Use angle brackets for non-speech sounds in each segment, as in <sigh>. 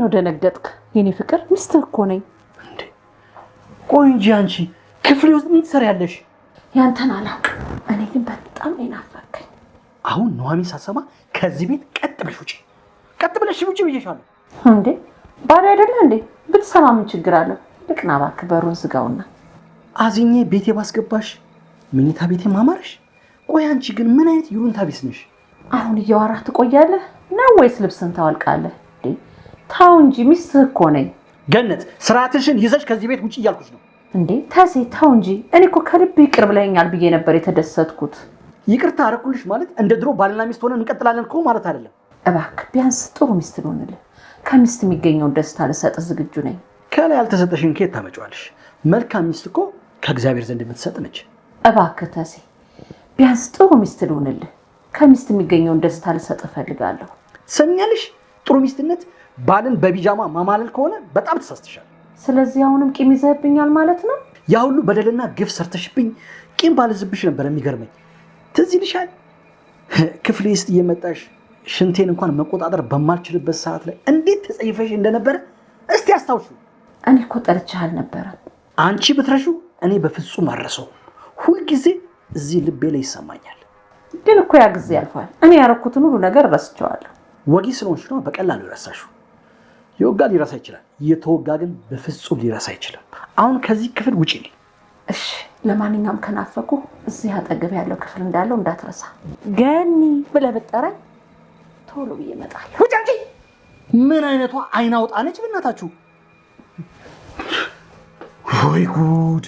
ነው ደነገጥክ? የኔ ፍቅር ሚስትህ እኮ ነኝ። ቆይ እንጂ አንቺ ክፍሌ ውስጥ ምን ትሰሪያለሽ? ያንተን አላውቅም። እኔ ግን በጣም ነው የናፈከኝ። አሁን ኑሐሚን ሳሰማ ከዚህ ቤት ቀጥ ብለሽ ውጪ፣ ቀጥ ብለሽ ውጪ ብዬሻለሁ። እንዴ ባሪ አይደለ እንዴ? ብትሰማ ምን ችግር አለው? ልቅና እባክህ በሩን ዝጋውና አዝኜ ቤቴ ባስገባሽ መኝታ ቤቴ ማማረሽ። ቆይ አንቺ ግን ምን አይነት ይሉንታ ቢስ ነሽ? አሁን እያወራህ ትቆያለህ ነው ወይስ ልብስን ታወልቃለህ? ታው እንጂ ሚስትህ እኮ ነኝ። ገነት ስርዓትሽን ይዘሽ ከዚህ ቤት ውጭ እያልኩሽ ነው። እንዴ ታሴ ታው እንጂ እኔ እኮ ከልብ ይቅር ብለኛል ብዬ ነበር የተደሰትኩት። ይቅርታ አደረኩልሽ ማለት እንደ ድሮ ባልና ሚስት ሆነን እንቀጥላለን እኮ ማለት አይደለም። እባክህ ቢያንስ ጥሩ ሚስት ልሆንልህ፣ ከሚስት የሚገኘውን ደስታ ልሰጥ ዝግጁ ነኝ። ከላይ ያልተሰጠሽን ኬት ታመጪዋለሽ? መልካም ሚስት እኮ ከእግዚአብሔር ዘንድ የምትሰጥ ነች። እባክህ ታሴ ቢያንስ ጥሩ ሚስት ልሆንልህ፣ ከሚስት የሚገኘውን ደስታ ልሰጥህ እፈልጋለሁ። ትሰሚኛለሽ? ጥሩ ሚስትነት ባልን በቢጃማ ማማለል ከሆነ በጣም ተሳስተሻል። ስለዚህ አሁንም ቂም ይዘህብኛል ማለት ነው። ያ ሁሉ በደልና ግፍ ሰርተሽብኝ ቂም ባልዝብሽ ነበር። የሚገርመኝ ትዝ ይልሻል <laughs> ክፍሌ ውስጥ እየመጣሽ ሽንቴን እንኳን መቆጣጠር በማልችልበት ሰዓት ላይ እንዴት ተጸይፈሽ እንደነበረ እስቲ አስታውሹ። እኔ እኮ ጠርቼህ አልነበረም። አንቺ ብትረሹ እኔ በፍጹም አልረሳውም። ሁልጊዜ እዚህ ልቤ ላይ ይሰማኛል። ግን እኮ ያ ጊዜ ያልፋል። እኔ ያረኩትን ሁሉ ነገር ረስቸዋለሁ። ወጊ ስለሆንሽ ነው በቀላሉ ረሳሽው። የወጋ ሊረሳ ይችላል። የተወጋ ግን በፍጹም ሊረሳ ይችላል። አሁን ከዚህ ክፍል ውጪ። እሺ፣ ለማንኛውም ከናፈቁ እዚህ አጠገብ ያለው ክፍል እንዳለው እንዳትረሳ። ገኒ ብለህ ብትጠራኝ ቶሎ ብዬ እመጣለሁ። ምን አይነቷ አይና ነች! ብናታችሁ? ወይ ጉድ!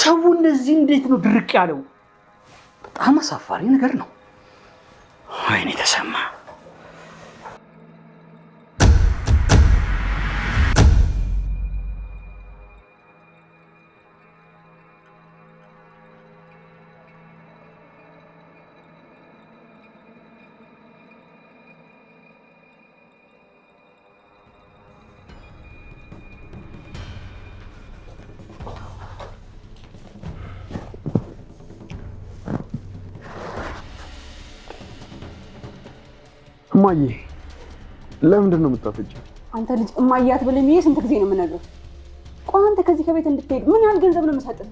ሰው እንደዚህ እንዴት ነው ድርቅ ያለው? በጣም አሳፋሪ ነገር ነው። ወይኔ ተሰማ እማዬ ለምንድን ነው የምታፈጭው? አንተ ልጅ እማዬ አትበለኝ ብዬ ስንት ጊዜ ነው የምነግርህ? ቆይ አንተ ከዚህ ከቤት እንድትሄድ ምን ያህል ገንዘብ ነው የምሰጥህ?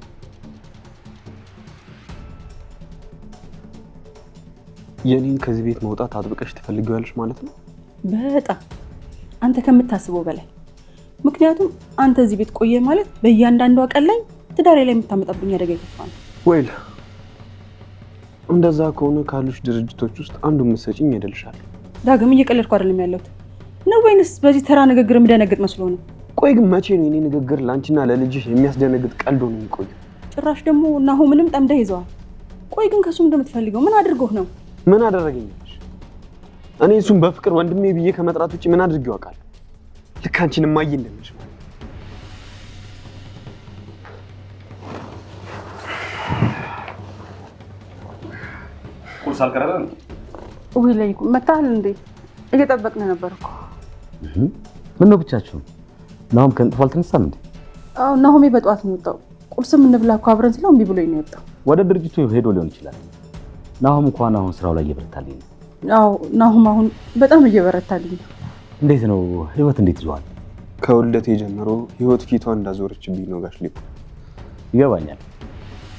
የኔን ከዚህ ቤት መውጣት አጥብቀሽ ትፈልጊያለሽ ማለት ነው? በጣም አንተ ከምታስበው በላይ ምክንያቱም አንተ እዚህ ቤት ቆየ ማለት በእያንዳንዷ ቀን ላይ ትዳሬ ላይ የምታመጣብኝ አደጋ የከፋ ነው። ወይል እንደዛ ከሆነ ካሉሽ ድርጅቶች ውስጥ አንዱ መሰጭኝ ያደልሻል። ዳግም እየቀለድኩ አይደለም ያለሁት ነው ወይንስ በዚህ ተራ ንግግር የምደነግጥ መስሎ ነው? ቆይ ግን መቼ ነው የኔ ንግግር ለአንቺና ለልጅሽ የሚያስደነግጥ ቀልዶ ነው የሚቆዩ? ጭራሽ ደግሞ ምንም ጠምዳ ይዘዋል። ቆይ ግን ከእሱም እንደምትፈልገው ምን አድርጎህ ነው? ምን አደረገኝ? እኔ እሱም በፍቅር ወንድሜ ብዬ ከመጥራት ውጭ ምን አድርገው አውቃለሁ? ልክ አንቺን እማዬ እንደምልሽ ውይ ለይ መታል እንዴ? እየጠበቅን ነበር እኮ። ምን ነው ብቻችሁን? ናሆም ከእንቅልፉ አልተነሳም እንዴ? አዎ ናሆሜ በጠዋት ነው የወጣው። ቁርስም እንብላ እኮ አብረን ስለው እምቢ ብሎኝ ነው የወጣው። ወደ ድርጅቱ ሄዶ ሊሆን ይችላል። ናሆም እንኳን አሁን ስራው ላይ እየበረታልኝ ነው። አዎ ናሆም አሁን በጣም እየበረታልኝ ነው። እንዴት ነው ህይወት እንዴት ይዟል? ከውልደት የጀምሮ ህይወት ፊቷን እንዳዞረችብኝ ነው ጋሽ ሊቁ። ይገባኛል።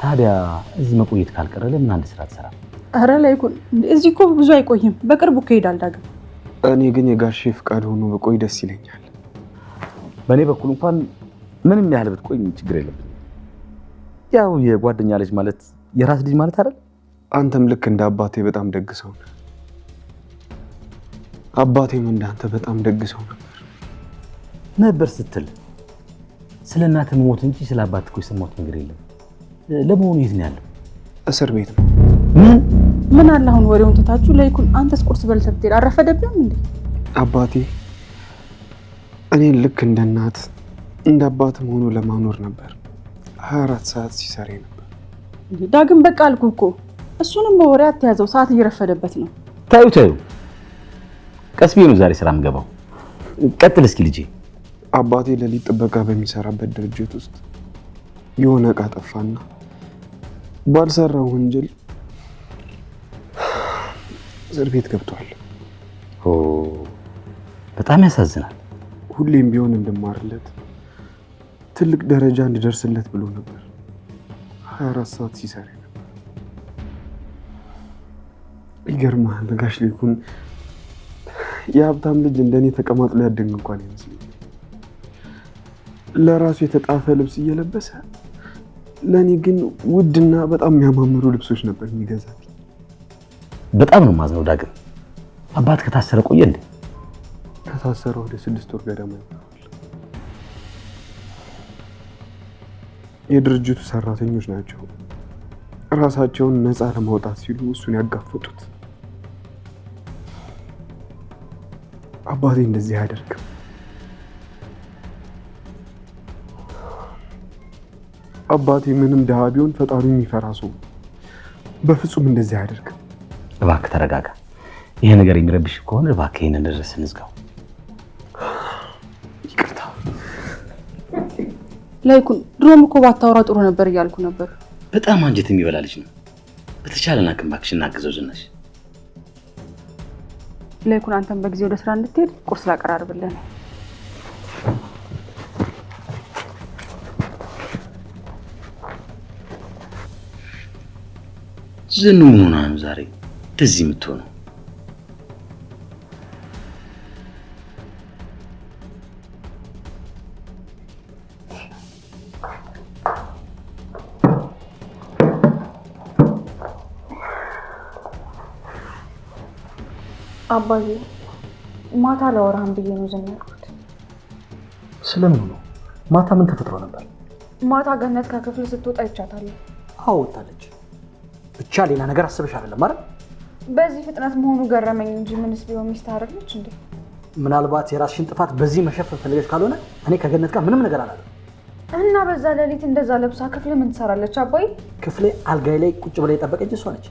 ታዲያ እዚህ መቆየት ካልቀረ ለምን አንድ ስራ ትሰራል? ኧረ ላይኩን እዚህ እኮ ብዙ አይቆይም። በቅርቡ ከሄዳል ዳግም። እኔ ግን የጋሼ ፍቃድ ሆኖ በቆይ ደስ ይለኛል። በእኔ በኩል እንኳን ምንም ያህል ብትቆይ ችግር የለም። ያው የጓደኛ ልጅ ማለት የራስ ልጅ ማለት አይደል? አንተም ልክ እንደ አባቴ በጣም ደግ ሰው ነህ። አባቴም እንዳንተ በጣም ደግ ሰው ነበር። ነበር ስትል ስለ እናትህ ሞት እንጂ ስለ አባት እኮ የሰማሁት ነገር የለም። ለመሆኑ የት ነው ያለው? እስር ቤት ነው። ምን ምን አለ አሁን ወሬውን ትታችሁ ለይኩን፣ አንተስ ቁርስ በልተህ ብትሄድ አረፈደብህም እንዴ? አባቴ እኔን ልክ እንደ እናት እንደ አባትም ሆኖ ለማኖር ነበር ሀያ አራት ሰዓት ሲሰራ ነበር። ዳግም በቃ አልኩህ እኮ እሱንም በወሬ አትያዘው፣ ሰዓት እየረፈደበት ነው። ታዩ ታዩ፣ ቀስ ብዬ ዛሬ ስራ የምገባው። ቀጥል እስኪ ልጄ። አባቴ ለሊት ጥበቃ በሚሰራበት ድርጅት ውስጥ የሆነ እቃ ጠፋና ባልሰራው ወንጀል እስር ቤት ገብቷል። በጣም ያሳዝናል። ሁሌም ቢሆን እንድማርለት ትልቅ ደረጃ እንድደርስለት ብሎ ነበር። 24 ሰዓት ሲሰራ ነበር። ይገርማል። ነጋሽ ሊኩን የሀብታም ልጅ እንደኔ ተቀማጥሎ ያደግ እንኳን ይመስል ለራሱ የተጣፈ ልብስ እየለበሰ ለእኔ ግን ውድና በጣም የሚያማምሩ ልብሶች ነበር የሚገዛ በጣም ነው ማዝነው። ዳግም አባት ከታሰረ ቆየ እንዴ? ከታሰረ ወደ ስድስት ወር ገደማ የድርጅቱ ሰራተኞች ናቸው እራሳቸውን ነፃ ለማውጣት ሲሉ እሱን ያጋፈጡት። አባቴ እንደዚህ አያደርግም። አባቴ ምንም ድሃ ቢሆን ፈጣሪ የሚፈራ ሰው በፍጹም እንደዚህ አያደርግም። እባክህ ተረጋጋ። ይሄ ነገር የሚረብሽ ከሆነ እባክህ ይሄን እንደረስ እንዝጋው። ይቅርታ። ላይኩን ድሮም እኮ ባታወራ ጥሩ ነበር እያልኩ ነበር። በጣም አንጀት የሚበላ ልጅ ነው። በተቻለና አቅም እናግዘው። ዝናሽ ላይኩን፣ አንተም በጊዜ ወደ ስራ እንድትሄድ ቁርስ ላቀራርብልን። ዝኑ ሆና ነው ዛሬ እንደዚህ የምትሆነው? አባዬ ማታ ለወራህን ብዬ ነው ዘመርኩት። ስለምን ነው? ማታ ምን ተፈጥሮ ነበር? ማታ ገነት ከክፍል ስትወጣ ይቻታል። አዎ ወጣለች። ብቻ ሌላ ነገር አስበሽ አይደለም አይደል? በዚህ ፍጥነት መሆኑ ገረመኝ እንጂ ምንስ ቢሆን ሚስት አደረግነች እንዴ? ምናልባት የራስሽን ጥፋት በዚህ መሸፈን ፈልገች ካልሆነ እኔ ከገነት ጋር ምንም ነገር አላለም። እና በዛ ሌሊት እንደዛ ለብሳ ክፍል ምን ትሰራለች? አባይ ክፍሌ አልጋይ ላይ ቁጭ ብላ የጠበቀች እሷ ነች።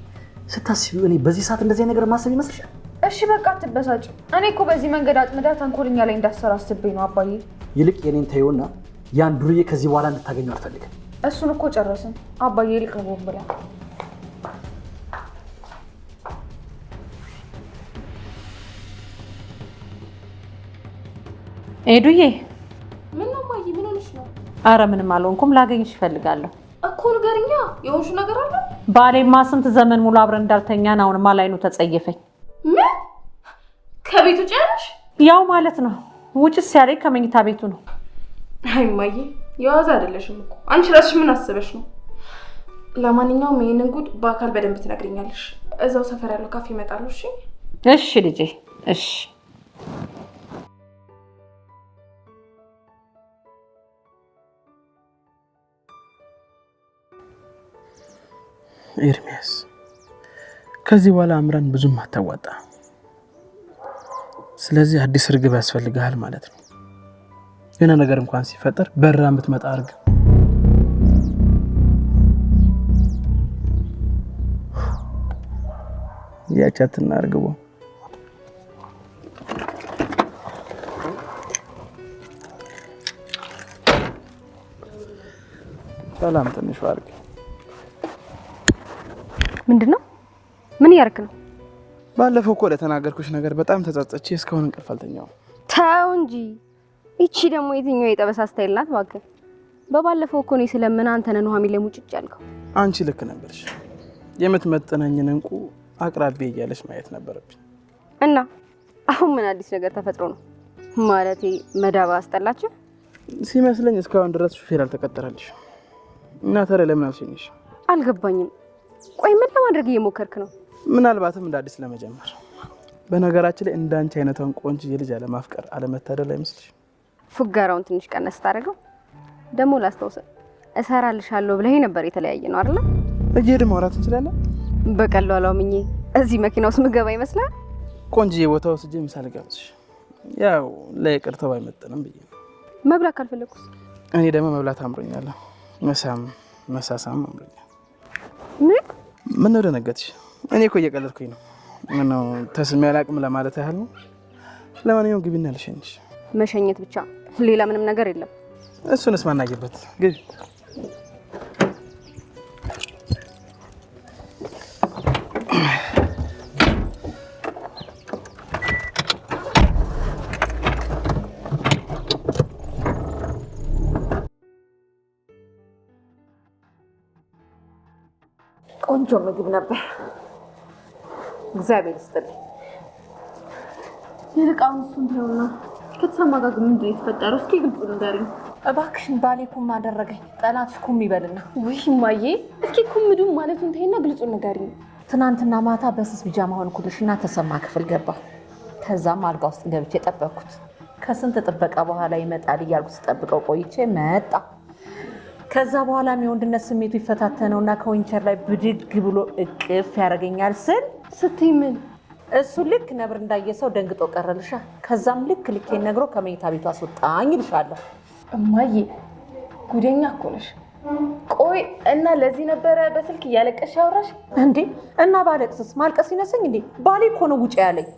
ስታስቢው እኔ በዚህ ሰዓት እንደዚህ ነገር ማሰብ ይመስልሻል? እሺ በቃ አትበሳጭ። እኔ እኮ በዚህ መንገድ አጥምዳ ተንኮልኛ ላይ እንዳሰራ አስቤ ነው አባዬ። ይልቅ የኔን ተይውና ያን ዱርዬ ከዚህ በኋላ እንድታገኘው አልፈልግም። እሱን እኮ ጨረስን አባዬ። ይልቅ ብላ ኤዱዬ ምን ነው እማዬ፣ ምን ሆነሽ ነው? አረ ምንም አልሆንኩም። ላገኝሽ እፈልጋለሁ እኮ ንገሪኛ። የሆንሽ ነገር አለ? ባሌማ ስንት ዘመን ሙሉ አብረን እንዳልተኛን አሁንማ ላይኑ ተጸየፈኝ። ምን ከቤት ውጭ ያለሽ? ያው ማለት ነው ውጭ ሲያለኝ ከመኝታ ቤቱ ነው። አይ እማዬ፣ የዋዛ አይደለሽም እኮ አንቺ ራስሽ ምን አስበሽ ነው? ለማንኛውም ይሄንን ጉድ በአካል በደንብ ትነግሪኛለሽ። እዛው ሰፈር ያለው ካፌ እመጣለሁ። እሺ፣ እሺ ልጄ፣ እሺ ኤርሚያስ ከዚህ በኋላ አምረን ብዙም አታዋጣ። ስለዚህ አዲስ እርግብ ያስፈልግሃል ማለት ነው። የሆነ ነገር እንኳን ሲፈጠር በራ የምትመጣ እርግብ። ያቻትና እርግቧ ሰላም ትንሿ እርግብ ምንድን ነው? ምን እያደረክ ነው? ባለፈው እኮ ለተናገርኩሽ ነገር በጣም ተጸጸቼ እስካሁን እንቅልፍ አልተኛውም። ተው እንጂ ይቺ ደግሞ የትኛው የጠበሳ ስታይል ናት? እባክህ በባለፈው እኮ እኔ ስለምን አንተን ኑሐሚን ላይ ሙጭጭ ያልከው። አንቺ ልክ ነበርሽ። የምትመጥነኝን እንቁ አቅራቢ እያለች ማየት ነበረብኝ። እና አሁን ምን አዲስ ነገር ተፈጥሮ ነው? ማለቴ መዳባ አስጠላችሁ ሲመስለኝ እስካሁን ድረስ ሹፌር አልተቀጠረልሽ እና ተረ ለምን አልሸኝሽ? አልገባኝም። ቆይ ምን ለማድረግ እየሞከርክ ነው? ምናልባትም እንደ አዲስ ለመጀመር። በነገራችን ላይ እንዳንቺ አይነቷን ቆንጆ የልጅ አለማፍቀር አለመታደል አይመስልሽ? ፉጋራውን ትንሽ ቀነስ ታደርገው። ደግሞ ላስታውሰ እሰራልሻለሁ ብለህ ነበር የተለያየ ነው አይደለ? እየሄድ ማውራት እንችላለን። በቀሉ አላውምኝ። እዚህ መኪና ውስጥ ምገባ ይመስላል። ቆንጅዬ ቦታ ወስጄ ምሳ ልጋብዝሽ። ያው ለይቅርታው አይመጥንም ብዬ መብላት ካልፈለኩስ? እኔ ደግሞ መብላት አምሮኛለሁ። መሳም መሳሳም አምሮኛል። ምን ምን ነው ደነገጥሽ? እኔ እኮ እየቀለድኩኝ ነው። ምነው ተስሜ አላቅም ለማለት ያህል ነው። ለማንኛውም ግቢና ልሸኝሽ። መሸኘት ብቻ ሌላ ምንም ነገር የለም። እሱንስ ማናገበት ግቢ ቆንጆ ምግብ ነበር። እግዚአብሔር ይስጥልኝ። ይልቃውን እሱን ቢሆንና ከተሰማ ጋር ግን ምንድን የተፈጠረው? እስኪ ግልጽ ንገሪኝ እባክሽን። ባሌ ኩም አደረገኝ። ጠላትሽ ኩም ይበልና። ውይ ማዬ፣ እስኪ ኩምዱም ማለቱን ተይና ግልጹን ንገሪኝ። ትናንትና ማታ በስስ ቢጃማ ሆንኩልሽና ተሰማ ክፍል ገባሁ። ከዛም አልጋ ውስጥ ገብቼ ጠበቅኩት። ከስንት ጥበቃ በኋላ ይመጣል እያልኩ ስጠብቀው ቆይቼ መጣ። ከዛ በኋላም የወንድነት ስሜቱ ይፈታተነውና ከዊንቸር ላይ ብድግ ብሎ እቅፍ ያደርገኛል ስል ስትይ ምን እሱ ልክ ነብር እንዳየ ሰው ደንግጦ ቀረልሻ። ከዛም ልክ ልኬን ነግሮ ከመኝታ ቤቱ አስወጣኝ ይልሻለሁ። እማዬ ጉደኛ እኮ ነሽ። ቆይ እና ለዚህ ነበረ በስልክ እያለቀሽ ያወራሽ እንዴ? እና ባለቅስስ ማልቀስ ይነሰኝ እንዴ? ባሌ እኮ ነው ውጭ ያለኝ።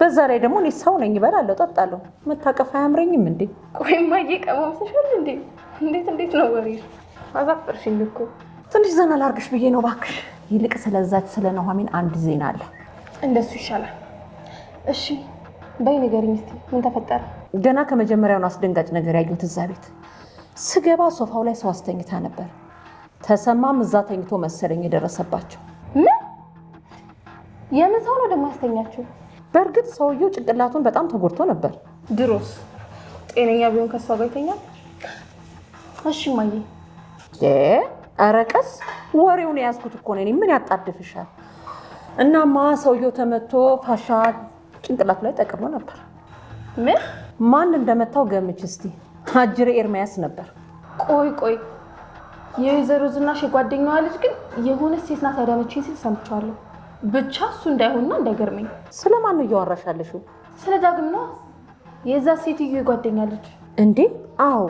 በዛ ላይ ደግሞ እኔ ሰው ነኝ፣ እበላለሁ፣ ጠጣለሁ፣ መታቀፍ አያምረኝም እንዴ? ቆይ እማዬ ቀማምሰሻል እንዴ? እንዴት እንዴት ነው ወሬ? አዛፈርሽኝ እኮ ትንሽ ዘና ላርግሽ ብዬ ነው። ባክሽ ይልቅ ስለዛች ስለ ኑሐሚን አንድ ዜና አለ። እንደሱ ይሻላል። እሺ በይ ንገሪኝ እስኪ ምን ተፈጠረ? ገና ከመጀመሪያውን አስደንጋጭ ነገር ያየሁት እዛ ቤት ስገባ ሶፋው ላይ ሰው አስተኝታ ነበር። ተሰማም እዛ ተኝቶ መሰለኝ የደረሰባቸው። ምን የምን ሰው ነው ደግሞ ያስተኛችው? በእርግጥ ሰውየው ጭንቅላቱን በጣም ተጎድቶ ነበር። ድሮስ ጤነኛ ቢሆን ከሷ ጋር ይተኛል። እሺ ማየ ኧረ ቀስ ወሬውን የያዝኩት እኮ ነኝ። ምን ያጣድፍሻል? እናማ ሰውየው ተመቶ ፋሻ ጭንቅላቱ ላይ ጠቅሞ ነበር። ምን ማን እንደመታው ገምች እስቲ። አጅሬ ኤርሚያስ ነበር። ቆይ ቆይ፣ የወይዘሮ ዝናሽ የጓደኛዋ ልጅ ግን የሆነ ሴት ናት ያዳነችኝ ሲል ሰምቻለሁ። ብቻ እሱ እንዳይሆንና እንዳይገርመኝ። ስለማን ነው እያወራሻለሽ? ስለ ዳግም ነው የዛ ሴትዮ የጓደኛ ልጅ እንዴ? አዎ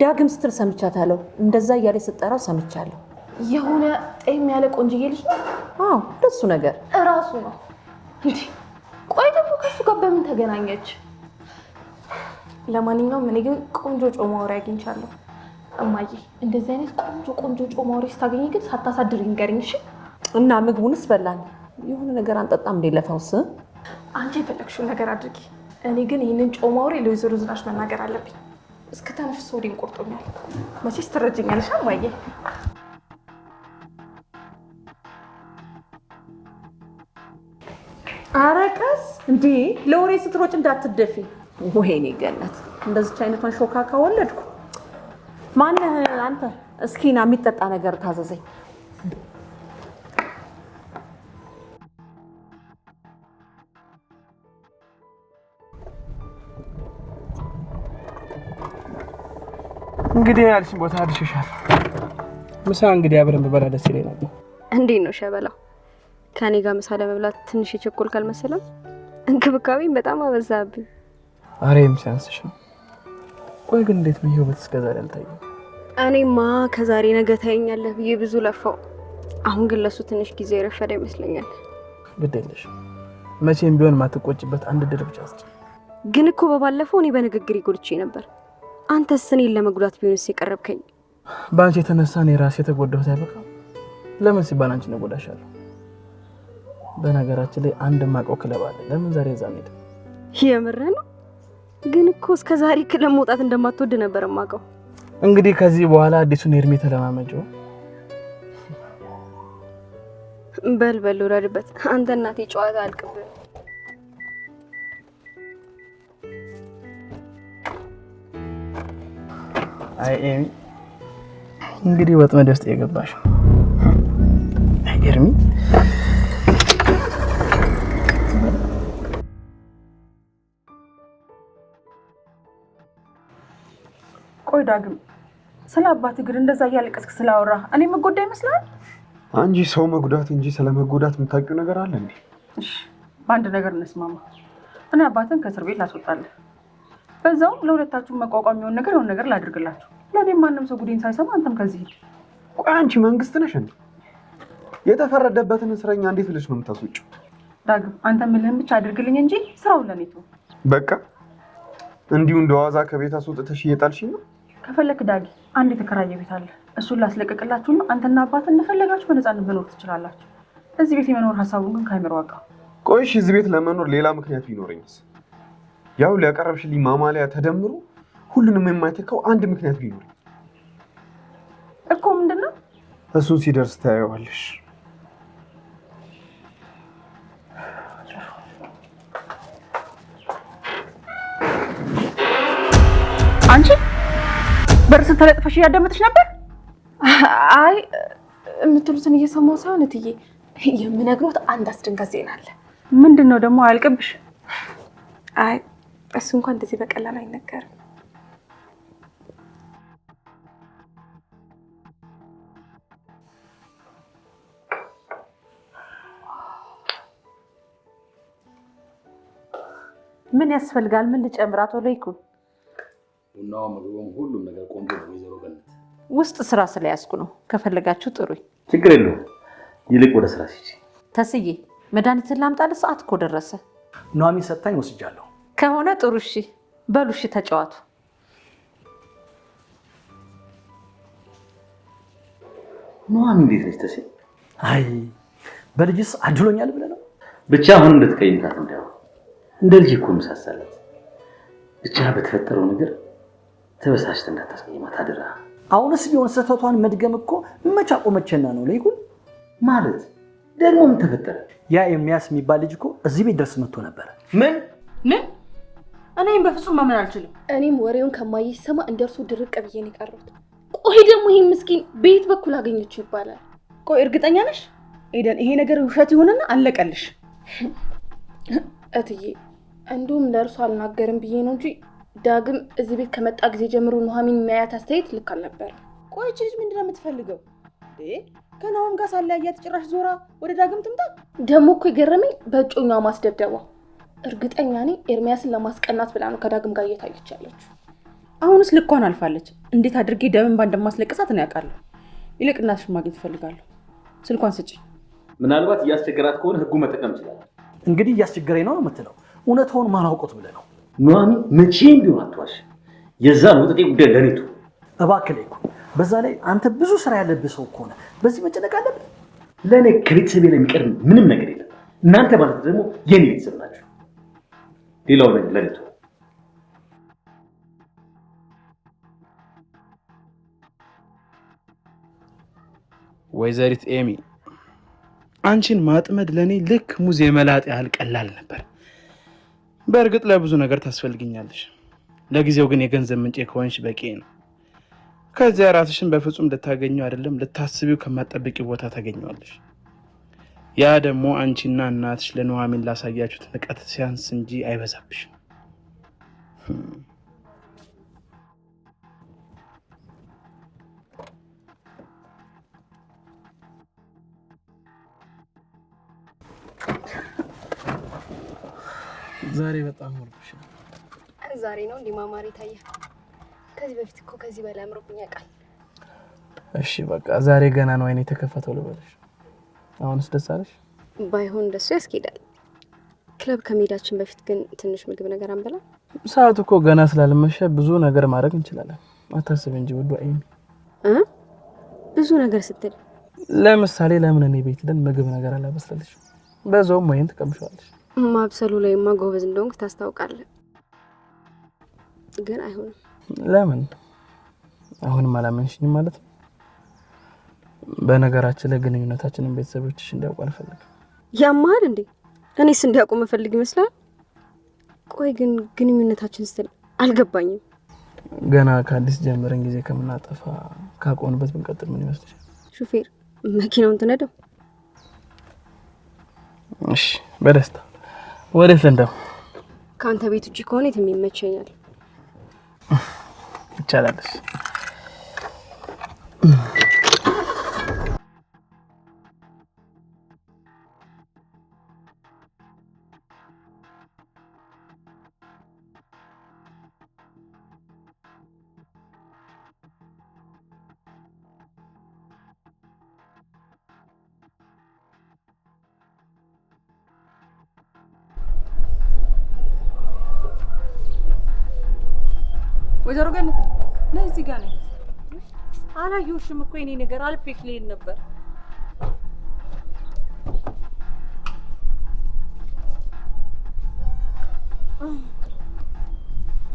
ዳግም ስትል ሰምቻታለሁ። እንደዛ እያለ ስጠራው ሰምቻለሁ። የሆነ ጤም ያለ ቆንጅዬ ልጅ ነው። ደሱ እንደሱ ነገር እራሱ ነው። እንዲህ ቆይ ደግሞ ከሱ ጋር በምን ተገናኘች? ለማንኛውም እኔ ግን ቆንጆ ጮማወሬ አግኝቻለሁ። እማዬ እንደዚህ አይነት ቆንጆ ቆንጆ ጮማ ስታገኝ ግን ሳታሳድር ንገሪኝ እሺ። እና ምግቡንስ በላን? የሆነ ነገር አንጠጣም እንዴ? ለፈውስ አንቺ የፈለግሽው ነገር አድርጊ። እኔ ግን ይህንን ጮማወሬ ለወይዘሮ ዝናሽ መናገር አለብኝ። እስከ ተነፍስ ወዲን ቆርጦኛል። መቼስ ትረጅኛለሽ እማዬ። ኧረ ቀስ እንዴ! ለወሬ ስትሮጭ እንዳትደፊ። ወይኔ ገነት፣ እንደዚች አይነቷን ሾካካ ወለድኩ። ማነህ አንተ? እስኪና የሚጠጣ ነገር ታዘዘኝ። እንግዲህ ያልሽኝ ቦታ አድርሽሻል። ምሳ እንግዲህ አብረን ብበላ ደስ ይለኝ ነበር። እንዴት ነው ሸበላው? ከኔ ጋር ምሳ ለመብላት ትንሽ የቸኮልክ ካልመሰለም እንክብካቤም በጣም አበዛብኝ። አሬ ሲያንስሽ ነው። ቆይ ግን እንዴት ነው ህይወት እስከ ዛሬ አልታየም? እኔማ ከዛሬ ነገ ታየኛለህ ብዬ ብዙ ለፋው። አሁን ግን ለሱ ትንሽ ጊዜ የረፈደ ይመስለኛል። ግድ መቼም ቢሆን ማትቆጭበት አንድ ድር ብቻ። ግን እኮ በባለፈው እኔ በንግግር ይጎልቼ ነበር አንተ እኔን ለመጉዳት ቢሆንስ የቀረብከኝ? በአንቺ የተነሳ እኔ ራሴ የተጎዳሁት አይበቃም? ለምን ሲባል አንቺን እጎዳሻለሁ። በነገራችን ላይ አንድ ማቀው ክለብ አለ። ለምን ዛሬ እዛ ሄደ? የምርህ ነው? ግን እኮ እስከ ዛሬ ክለብ መውጣት እንደማትወድ ነበር ማቀው እንግዲህ ከዚህ በኋላ አዲሱን የእድሜ ተለማመጀው። በል በል ውረድበት አንተ እናቴ ጨዋታ አልቅብህ ኤሚ እንግዲህ ወጥመድ ውስጥ የገባሽ ኤርሚ ቆይ ዳግም ስለ አባት እግር እንደዛ እያለቀስክ ስላወራ እኔ መጎዳ ይመስላል አንጂ ሰው መጉዳት እንጂ ስለ መጎዳት የምታውቂው ነገር አለ እንዴ? እሺ በአንድ ነገር እንስማማ። እኔ አባትን ከእስር ቤት ላስወጣለሁ። በዛውም ለሁለታችሁ መቋቋም የሚሆን ነገር የሆን ነገር ላድርግላችሁ። ለእኔም ማንም ሰው ጉዴን ሳይሰማ አንተም ከዚህ ሂድ። ቆይ አንቺ መንግስት ነሽ እንዴ? የተፈረደበትን እስረኛ እንዴት ብለሽ ነው የምታስወጪው? ዳግም አንተ ምልህን ብቻ አድርግልኝ እንጂ ስራውን ለኔ ተው። በቃ እንዲሁ ዋዛ ከቤት አስወጥተሽ እየጣልሽ ነው። ከፈለክ ዳጊ አንድ የተከራየ ቤት አለ። እሱን ላስለቀቅላችሁና አንተና አባት እንደፈለጋችሁ በነፃነት መኖር ትችላላችሁ። እዚህ ቤት የመኖር ሀሳቡን ግን ከአይምሮ ዋጋ። ቆይሽ እዚህ ቤት ለመኖር ሌላ ምክንያት ቢኖረኝስ? ያው ሊያቀረብሽልኝ ማማለያ ተደምሮ ሁሉንም የማይተካው አንድ ምክንያት ቢኖር እኮ ምንድን ነው? እሱን ሲደርስ ታየዋለሽ። አንቺ በር ተለጥፈሽ እያዳመጥሽ ነበር? አይ የምትሉትን እየሰማሁ ሳይሆን እትዬ የምነግሮት አንድ አስደንጋጭ ዜና አለ። ምንድን ነው ደግሞ? አያልቅብሽ። አይ እሱ እንኳን እንደዚህ በቀላል አይነገርም። ምን ያስፈልጋል? ምን ልጨምር? አቶ ለይኩን ቡናው፣ ምግቡም፣ ሁሉም ነገር ቆንጆ ነው። ወይዘሮ ገነት ውስጥ ስራ ስለያዝኩ ነው። ከፈለጋችሁ ጥሩኝ። ችግር የለውም። ይልቅ ወደ ስራ ሲጂ። ተስዬ፣ መድኃኒትን ላምጣል ሰዓት እኮ ደረሰ። ኗሚ ሰጥታኝ ወስጃለሁ። ከሆነ ጥሩ እሺ። በሉ እሺ፣ ተጫዋቱ ኗሚ። እንዴት ነች ተሴ? አይ በልጅስ አድሎኛል ብለህ ነው? ብቻ አሁን እንድትቀይም እንዲያው እንደ ልጅ እኮ መሳሳላት። ብቻ በተፈጠረው ነገር ተበሳሽተ እንዳታስቀይማት አደራ። አሁንስ ቢሆን ስህተቷን መድገም እኮ መች አቆመችና ነው ለይኩን ማለት ደግሞ ምን ተፈጠረ? ያ የሚያስ የሚባል ልጅ እኮ እዚህ ቤት ደርስ መጥቶ ነበረ። ምን ምን? እኔም በፍጹም ማመን አልችልም። እኔም ወሬውን ከማየ ሰማ እንደርሱ ድርቅ ብዬ ነው የቀረሁት። ቆይ ደግሞ ይህ ምስኪን ቤት በኩል አገኘችው ይባላል? ቆይ እርግጠኛ ነሽ ኤደን? ይሄ ነገር ውሸት ይሆንና አለቀልሽ እትዬ እንዲሁም ለእርሱ አልናገርም ብዬ ነው እንጂ ዳግም እዚህ ቤት ከመጣ ጊዜ ጀምሮ ኑሐሚን የሚያያት አስተያየት ልክ አልነበር። ቆይች ልጅ ምንድን ነው የምትፈልገው? ከናሆም ጋር ሳለያያት ጭራሽ ዞራ ወደ ዳግም ትምጣ። ደግሞ እኮ የገረመኝ በእጮኛ ማስደብደቧ። እርግጠኛ ኔ ኤርሚያስን ለማስቀናት ብላ ነው ከዳግም ጋር እየታየች ያለች። አሁንስ ልኳን አልፋለች። እንዴት አድርጌ ደምን ባ እንደማስለቅሳት ነው ያውቃለሁ። ይልቅ እናትሽ ማግኘት እፈልጋለሁ። ስልኳን ስጪኝ። ምናልባት እያስቸገራት ከሆነ ህጉ መጠቀም ይችላል። እንግዲህ እያስቸገረኝ ነው ነው የምትለው እውነታውን ማናውቆት ብለህ ነው ማሚ። መቼም ቢሆን አትዋሽ። የዛ ነው ጉዳይ ለኔቱ እባክህ በዛ ላይ አንተ ብዙ ስራ ያለብህ ሰው ከሆነ በዚህ መጨነቅ አለብህ። ለእኔ ከቤተሰቤ ላይ የሚቀር ምንም ነገር የለም። እናንተ ማለት ደግሞ የኔ ቤተሰብ ናቸው። ሌላው ነገር ለኔቱ ወይዘሪት ኤሚ አንቺን ማጥመድ ለእኔ ልክ ሙዝ የመላጥ ያህል ቀላል ነበር። በእርግጥ ለብዙ ነገር ታስፈልግኛለሽ። ለጊዜው ግን የገንዘብ ምንጭ ከሆንሽ በቂ ነው። ከዚያ ራስሽን በፍጹም ልታገኘው አይደለም ልታስቢው ከማጠበቂ ቦታ ታገኘዋለሽ። ያ ደግሞ አንቺና እናትሽ ለኑሐሚን ላሳያችሁት ንቀት ሲያንስ እንጂ አይበዛብሽም። ዛሬ በጣም አምሮብሻል። ዛሬ ነው እንዲህ ማማሪ ታየ። ከዚህ በፊት እኮ ከዚህ በላይ አምሮብኝ ያውቃል። እሺ በቃ ዛሬ ገና ነው አይኔ የተከፈተው ልበልሽ። አሁንስ ደስ አለሽ? ባይሆን እንደሱ ያስኬዳል። ክለብ ከመሄዳችን በፊት ግን ትንሽ ምግብ ነገር አንበላ? ሰዓት እኮ ገና ስላልመሸ ብዙ ነገር ማድረግ እንችላለን። አታስብ እንጂ ውዱ አይኔ። ብዙ ነገር ስትል ለምሳሌ ለምን እኔ ቤት ሄደን ምግብ ነገር አላበስልልሽ? በዛውም ወይን ትቀምሸዋለሽ ማብሰሉ ላይ ማጎበዝ ጎበዝ እንደሆንክ ታስታውቃለህ። ግን አይሆንም። ለምን አሁንም አላመንሽኝም ማለት ነው? በነገራችን ላይ ግንኙነታችንን ቤተሰቦችሽ እንዲያውቁ አልፈልግም። ያማል እንዴ? እኔስ እንዲያውቁ መፈልግ ይመስላል። ቆይ ግን ግንኙነታችን ስትል አልገባኝም። ገና ከአዲስ ጀምረን ጊዜ ከምናጠፋ ካቆንበት ብንቀጥል ምን ይመስልሻል? ሹፌር መኪናውን ትነደው? እሺ፣ በደስታ ወዴት ልንደው? ከአንተ ቤት ውጭ ከሆነ የትም ይመቸኛል። ይቻላልስ ወይዘሮ ገነት ነይ እዚህ ጋር ነኝ። አላየሁሽም እኮ የእኔ ነገር አልፌ ልሄድ ነበር።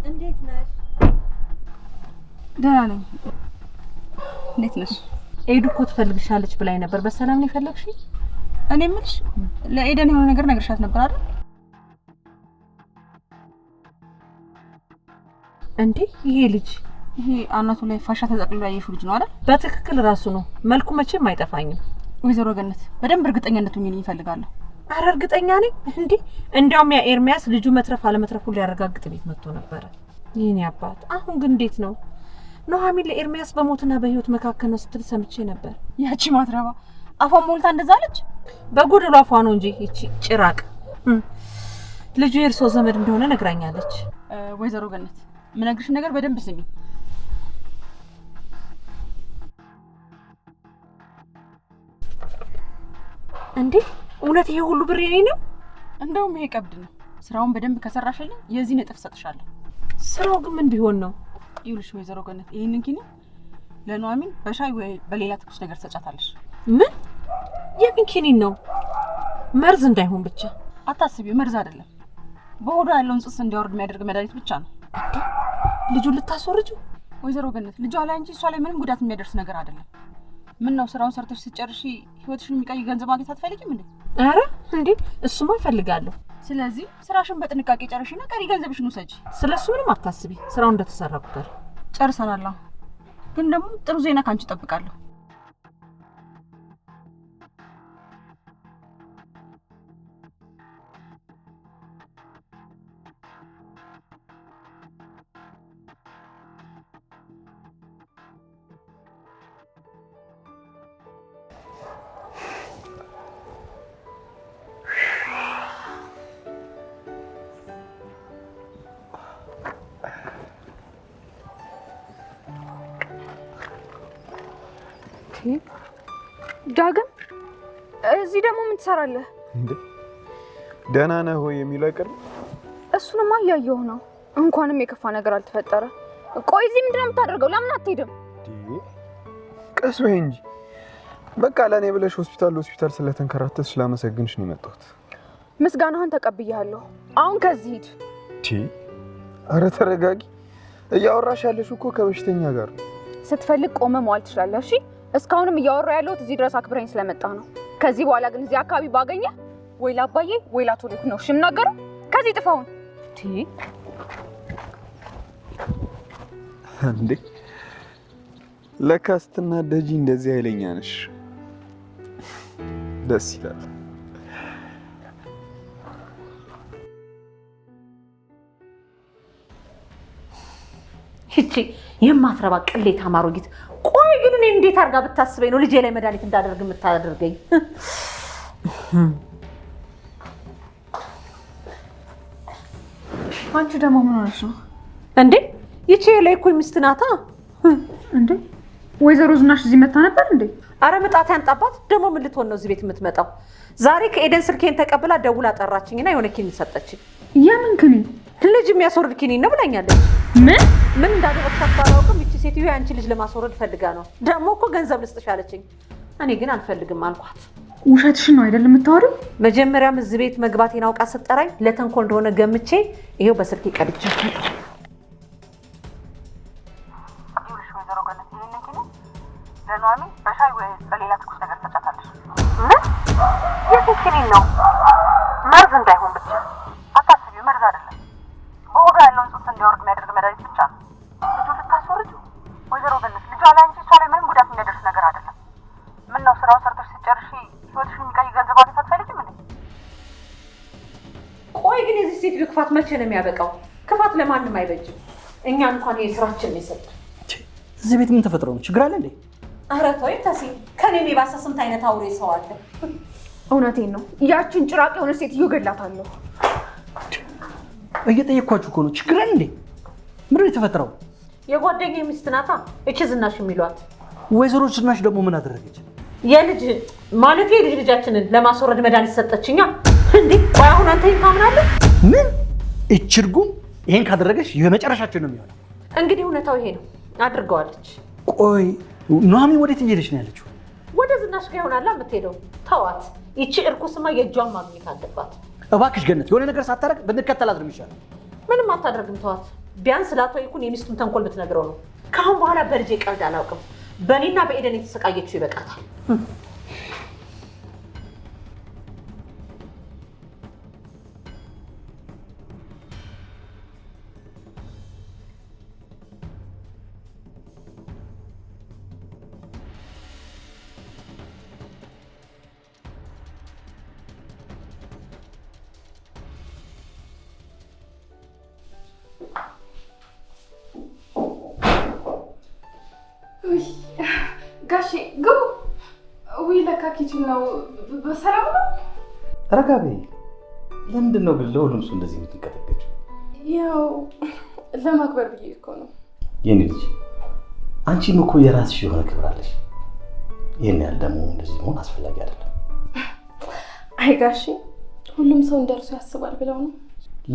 እንዴት ነሽ? ደህና ነኝ። እንዴት ነሽ? ኤዱ እኮ ትፈልግሻለች ብላኝ ነበር። በሰላም ነው የፈለግሽኝ? እኔ የምልሽ ለኤደን የሆነ ነገር ነግርሻት ነበር አይደል? እንዴ ይሄ ልጅ ይሄ አናቱ ላይ ፋሻ ተጠቅልሎ ያየሽው ልጅ ነው አይደል? በትክክል ራሱ ነው። መልኩ መቼም አይጠፋኝም። ወይዘሮ ገነት በደንብ እርግጠኛነት ሆኜ ይፈልጋለሁ። አረ እርግጠኛ ነኝ። እንዴ እንዲያውም ያ ኤርሚያስ ልጁ መትረፍ አለመትረፉ ሊያረጋግጥ ቤት መጥቶ ነበረ። ይህን አባት አሁን ግን እንዴት ነው ኑሐሚን ለኤርሚያስ በሞትና በህይወት መካከል ነው ስትል ሰምቼ ነበር። ያቺ ማትረባ አፏን ሞልታ እንደዛ አለች። በጎደሉ አፏ ነው እንጂ ይቺ ጭራቅ ልጁ የእርሶ ዘመድ እንደሆነ ነግራኛለች። ወይዘሮ ገነት የምነግርሽን ነገር በደንብ ስሚ። እንዴ እውነት ይሄ ሁሉ ብር የኔ ነው? እንደውም ይሄ ቀብድ ነው። ስራውን በደንብ ከሰራሽልኝ የዚህ እጥፍ ሰጥሻለሁ። ስራው ግን ምን ቢሆን ነው? ይኸውልሽ ወይዘሮ ገነት ይህንን ኪኒ ለኑሐሚን በሻይ ወይ በሌላ ትኩስ ነገር ትሰጫታለሽ። ምን የምን ኪኒን ነው? መርዝ እንዳይሆን ብቻ አታስቢ። መርዝ አይደለም፣ በሆዷ ያለውን ጽንስ እንዲያወርድ የሚያደርግ መድኃኒት ብቻ ነው። ልጁን ልታስወርጂው? ወይዘሮ ገነት ልጇ ላይ እንጂ እሷ ላይ ምንም ጉዳት የሚያደርስ ነገር አይደለም። ምን ነው ስራውን ሰርተሽ ስትጨርሺ ህይወትሽን የሚቀይ ገንዘብ ማግኘት አትፈልጊም እንዴ? አረ እንዴ፣ እሱማ እፈልጋለሁ። ስለዚህ ስራሽን በጥንቃቄ ጨርሽና ቀሪ ገንዘብሽን ውሰጂ። ስለ እሱ ምንም አታስቢ፣ ስራው እንደተሰራ ቁጥር ጨርሰናል። ግን ደግሞ ጥሩ ዜና ከአንቺ እጠብቃለሁ። እዚህ ደግሞ ምን ትሰራለህ? እንዴ ደህና ነህ ሆይ የሚለው አይቀርም። እሱንማ እያየሁ ነው። እንኳንም የከፋ ነገር አልተፈጠረ። ቆይ እዚህ ምንድን ነው የምታደርገው? ለምን አትሄድም? ቀስ በይ እንጂ በቃ ለእኔ ብለሽ ሆስፒታል ሆስፒታል ስለተንከራተትሽ ላመሰግንሽ ነው የመጣሁት። ምስጋናህን ተቀብያለሁ። አሁን ከዚህ ሂድ። አረ ተረጋጊ። እያወራሽ ያለሽ እኮ ከበሽተኛ ጋር ነው። ስትፈልግ ቆመ መዋል ትችላለህ። እሺ እስካሁንም እያወራ ያለሁት እዚህ ድረስ አክብረኝ ስለመጣ ነው። ከዚህ በኋላ ግን እዚህ አካባቢ ባገኘ ወይ ላባዬ ወይ ላቶሌት ነው እሺ ከዚህ ጥፋውን እንዴ! ለካስትና ደጂ እንደዚህ ኃይለኛ ነሽ። ደስ ይላል። ይቺ የማትረባ ቅሌት አማሮጊት እንዴት አድርጋ ብታስበኝ ነው ልጄ ላይ መድኃኒት እንዳደርግ የምታደርገኝ? አንቺ ደግሞ ምን ሆነሽ ነው እንዴ? ይቺ ላይ እኮ ሚስት ናታ እንዴ? ወይዘሮ ዝናሽ እዚህ መታ ነበር እንዴ? አረ ምጣት ያንጣባት። ደግሞ ምን ልትሆን ነው እዚህ ቤት የምትመጣው? ዛሬ ከኤደን ስልኬን ተቀብላ ደውላ ጠራችኝና የሆነ ኪኒን ሰጠችኝ። የምን ክኒን? ልጅ የሚያስወርድ ኪኒን ነው ብላኛለች። ምን ምን እንዳደረግሻት ባላውቅም ይቺ ሴትዮ የአንቺ ልጅ ለማስወረድ ፈልጋ ነው። ደግሞ እኮ ገንዘብ ልስጥሽ አለችኝ። እኔ ግን አልፈልግም አልኳት። ውሸትሽን ነው አይደል የምታወሪው? መጀመሪያም እዚህ ቤት መግባቴን አውቃ ስጠራኝ ለተንኮል እንደሆነ ገምቼ ይሄው በስልክ ይቀድቻታል። ለኗሚ በሻይ ወይ በሌላ ትኩስ ነገር ሰጫታለሽ። ምን የሴት ክኒን ነው መርዝ እንዳይሆን ብቻ አታስቢ፣ መርዝ አይደለም ከሆዷ ያለውን ጡት እንዲያወርድ የሚያደርግ መድኃኒት ብቻ ነው። ልጁ ልታስወርጁ? ወይዘሮ ገነት ልጇ ላይ አንቺ፣ እሷ ላይ ምንም ጉዳት የሚያደርስ ነገር አይደለም። ምን ነው ስራው ሰርተሽ ሲጨርሽ ህይወትሽ የሚቀይ ገንዘብ አግኝት አትፈልግም እንዴ? ቆይ ግን የዚህ ሴትዮ ክፋት መቼ ነው የሚያበቃው? ክፋት ለማንም አይበጅም። እኛ እንኳን ይሄ ስራችን ነው የሰጡት። እዚህ ቤት ምን ተፈጥሮ ነው? ችግር አለ እንዴ? ኧረ ተወኝ ተሴ፣ ከኔ የባሰ ስንት አይነት አውሬ ሰው አለ። እውነቴን ነው። ያችን ጭራቅ የሆነ ሴትዮ ገላታለሁ። እየጠየኳችሁ እኮ ነው። ችግር እንዴ? ምንድን የተፈጠረው? የጓደኛ ሚስት ናታ እቺ ዝናሽ የሚሏት ወይዘሮ ዝናሽ ደግሞ ምን አደረገች? የልጅ ማለት የልጅ ልጃችንን ለማስወረድ መድኃኒት ሰጠችኛ። እንዴ ቆይ አሁን አንተ ይህን ታምናለህ? ምን እቺ እርጉም ይሄን ካደረገች የመጨረሻችን ነው የሚሆነው። እንግዲህ እውነታው ይሄ ነው፣ አድርገዋለች። ቆይ ኑሐሚን ወዴት እየሄደች ነው ያለችው? ወደ ዝናሽ ጋ ይሆናላ የምትሄደው። ተዋት። ይቺ እርኩስማ የእጇን ማግኘት አለባት። እባክሽ ገነት የሆነ ነገር ሳታደርግ ብንከተላት ነው የሚሻለው። ምንም አታደርግም፣ ተዋት። ቢያንስ ላቶ ይኩን የሚስቱን ተንኮል ብትነግረው ነው። ከአሁን በኋላ በልጄ ቀልድ አላውቅም። በእኔና በኤደን የተሰቃየችው ይበቃታል። ምንድን ነው ግን ለሁሉም እሱ እንደዚህ የምትንቀጠቀጭው? ያው ለማክበር ብዬ እኮ ነው። የኔ ልጅ አንቺም እኮ የራስሽ የሆነ ክብር አለሽ። ይህን ያህል ደግሞ እንደዚህ መሆን አስፈላጊ አይደለም። አይጋሽ ሁሉም ሰው እንደርሱ ያስባል ብለው ነው።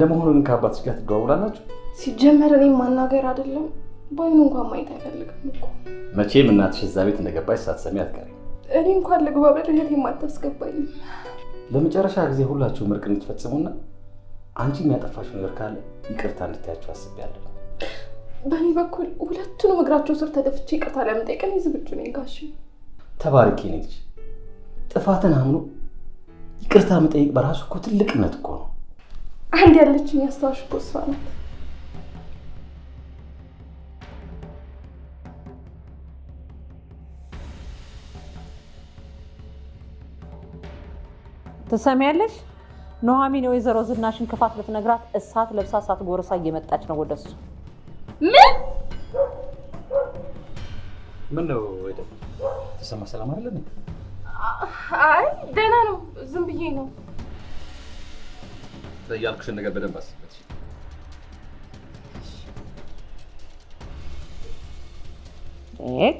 ለመሆኑ ግን ከአባትሽ ጋር ትደዋውላላችሁ? ሲጀመር እኔ ማናገር አይደለም በአይኑ እንኳን ማየት አይፈልግም እኮ። መቼም እናትሽ እዛ ቤት እንደገባች ሳትሰሚ አትቀሪም። እኔ እንኳን ልግባ ብል እህቴ አታስገባኝም። ለመጨረሻ ጊዜ ሁላችሁ እርቅ እንድትፈጽሙና አንቺ የሚያጠፋሽ ነገር ካለ ይቅርታ እንድታያችሁ አስቤያለሁ። በእኔ በኩል ሁለቱንም እግራቸው ስር ተደፍቼ ይቅርታ ለመጠየቅ እኔ ዝግጁ ነኝ። ጋሽ ተባረኪ ነች። ጥፋትን አምኖ ይቅርታ መጠየቅ በራሱ እኮ ትልቅነት እኮ ነው። አንድ ያለችኝ ያስታዋሽ እኮ እሷ ናት። ትሰሚያለሽ? ኑሐሚን የወይዘሮ ዝናሽን ክፋት ልትነግራት እሳት ለብሳ እሳት ጎረሳ እየመጣች ነው ወደሱ። ምን ምን ነው ወደ ተሰማ ሰላም አይደለም? አይ ደህና ነው፣ ዝም ብዬ ነው ያልኩሽን ነገር በደንብ አስበት።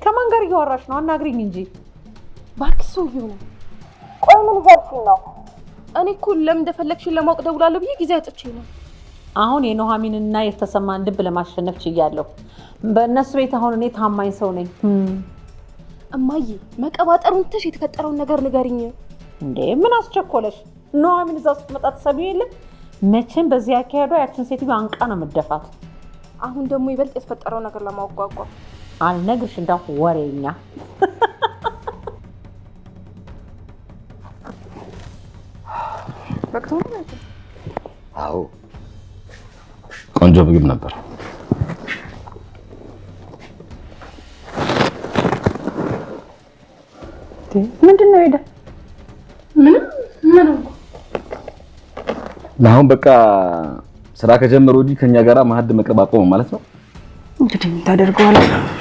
ከማን ጋር እያወራሽ ነው? አናግሪኝ እንጂ ባክሶ ይሆናል። ቆይ ምን ነው እኔ እኮ ለምን እንደፈለግሽን ለማወቅ ደውላለሁ ብዬ ጊዜ አጥቼ ነው። አሁን የኑሐሚንና የተሰማን ልብ ለማሸነፍ ችያለሁ። በእነሱ ቤት አሁን እኔ ታማኝ ሰው ነኝ። እማዬ መቀባጠሩን ትሽ የተፈጠረውን ነገር ንገርኝ እንዴ ምን አስቸኮለሽ? ኑሐሚን እዛ ስትመጣ ተሰሚ የለም መቼም በዚህ አካሄዷ ያችን ሴትዮ አንቃ ነው የምደፋት። አሁን ደግሞ ይበልጥ የተፈጠረው ነገር ለማወቋቋም አልነግርሽ እንዳሁ ወሬኛ ቆንጆ ምግብ ነበር። ምንድን ነው ሄደ? ምንም ምንም። አሁን በቃ ስራ ከጀመሩ ወዲህ ከኛ ጋራ ማዕድ መቅረብ አቆመ ማለት ነው። እንግዲህ ምን ታደርገዋለህ?